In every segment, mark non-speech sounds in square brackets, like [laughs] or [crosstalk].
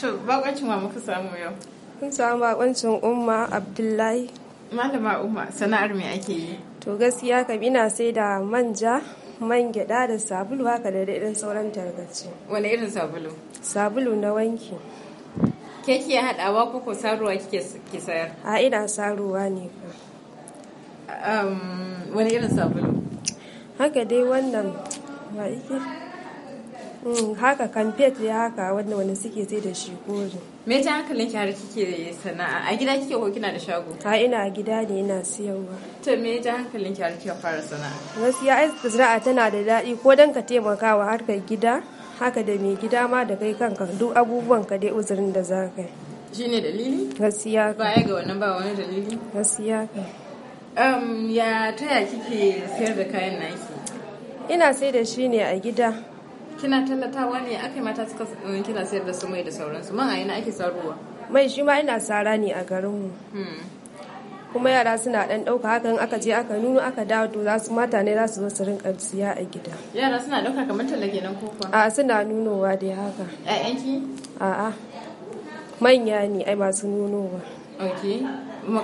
To, baƙoncin wa muka samu yau? Mun samu bakoncin Umma Abdullahi. Malama Umma, sana'ar me ake yi? To gaskiya kam ina sai da manja, man gyada da sabulu haka da daɗin sauran tarkace. Wane irin sabulu? Sabulu na wanki. Ke ke haɗawa ko ko saruwa kike sayar? A ina saruwa ne ku. Wani irin sabulu? Haka dai wannan ba ike. Mm, haka kamfet ya haka wanda wani suke sai da shi kori me ta hankalin ki har kike sana'a a gida kike ko kina da shago a ina gida ne ina siyarwa to me ta hankalin ki har kike fara sana'a gaskiya ai a tana da daɗi ko dan ka taimakawa harkar gida haka da mai gida ma da kai kanka duk abubuwan ka dai uzurin da za ka yi shine dalili gaskiya baya ga wannan ba wani dalili gaskiya um ya taya kike sayar da kayan naki ina sai da shi ne a gida kina tallatawa ne aka mata suka kina sayar da su mai da sauransu man a yana ake saruwa mai shi ma ina sara ne a garinmu hmm. kuma yara suna dan dauka hakan aka je aka nuno aka dawo to za su mata ne za su zo su rinka siya a gida yara suna dauka kamar talla nan ko kuwa a suna nunowa dai haka ƴaƴanki a'a manya ne ai masu nunowa okay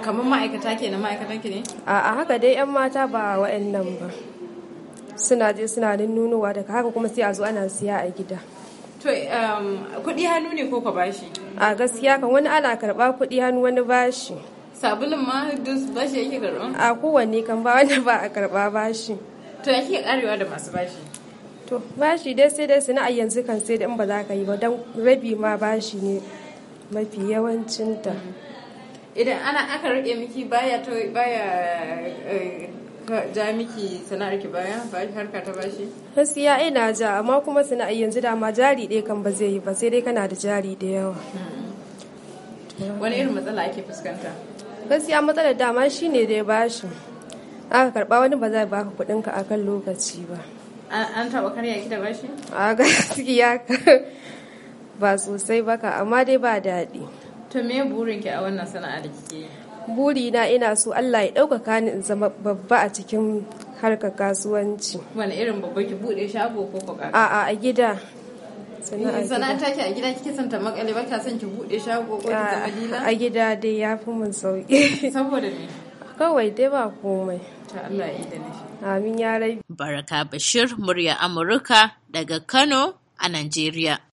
kamar ma'aikata kenan ma'aikatan ki ne a'a haka dai yan mata ba wa'annan ba suna je suna nunnuwa daga haka kuma sai a zo ana siya a gida to um, kuɗi hannu ne ko ka bashi a gaskiya kan wani ana karɓa kuɗi hannu wani bashi sabulun ma duk bashi yake karɓa a kowanne kan ba wanda ba a karɓa bashi to yake karewa da masu bashi to bashi dai sai dai sana'a yanzu kan sai da in ba za ka yi ba don rabi ma bashi ne mafi yawancinta idan ana aka rike miki baya to baya eh, ja miki sana'ar ki baya ba harka ta bashi gaskiya ina ja amma kuma sana'a yanzu dama jari ɗaya kan ba zai yi ba sai dai kana da jari da yawa hmm. wani irin matsala ake fuskanta gaskiya matsalar dama shine dai bashi aka karba wani ba zai baka kuɗin ka akan lokaci ba an taɓa karya ki da bashi a gaskiya [laughs] ba sosai baka amma dai ba daɗi to me burin ki a wannan sana'a da kike yi burina ina so Allah ya ɗaukaka ni in zama babba a cikin harkar kasuwanci. Wani irin babba ki buɗe shago ko ko A'a a gida. Sana'a ta ki a gida kike son ta makale ba ta son ki buɗe shago ko ta madina? A gida dai ya fi mun sauki. [laughs] [laughs] Saboda me? Kawai dai ba komai. Ta Allah ya idane shi. Amin ya rai. Baraka Bashir, murya Amurka daga Kano a Najeriya.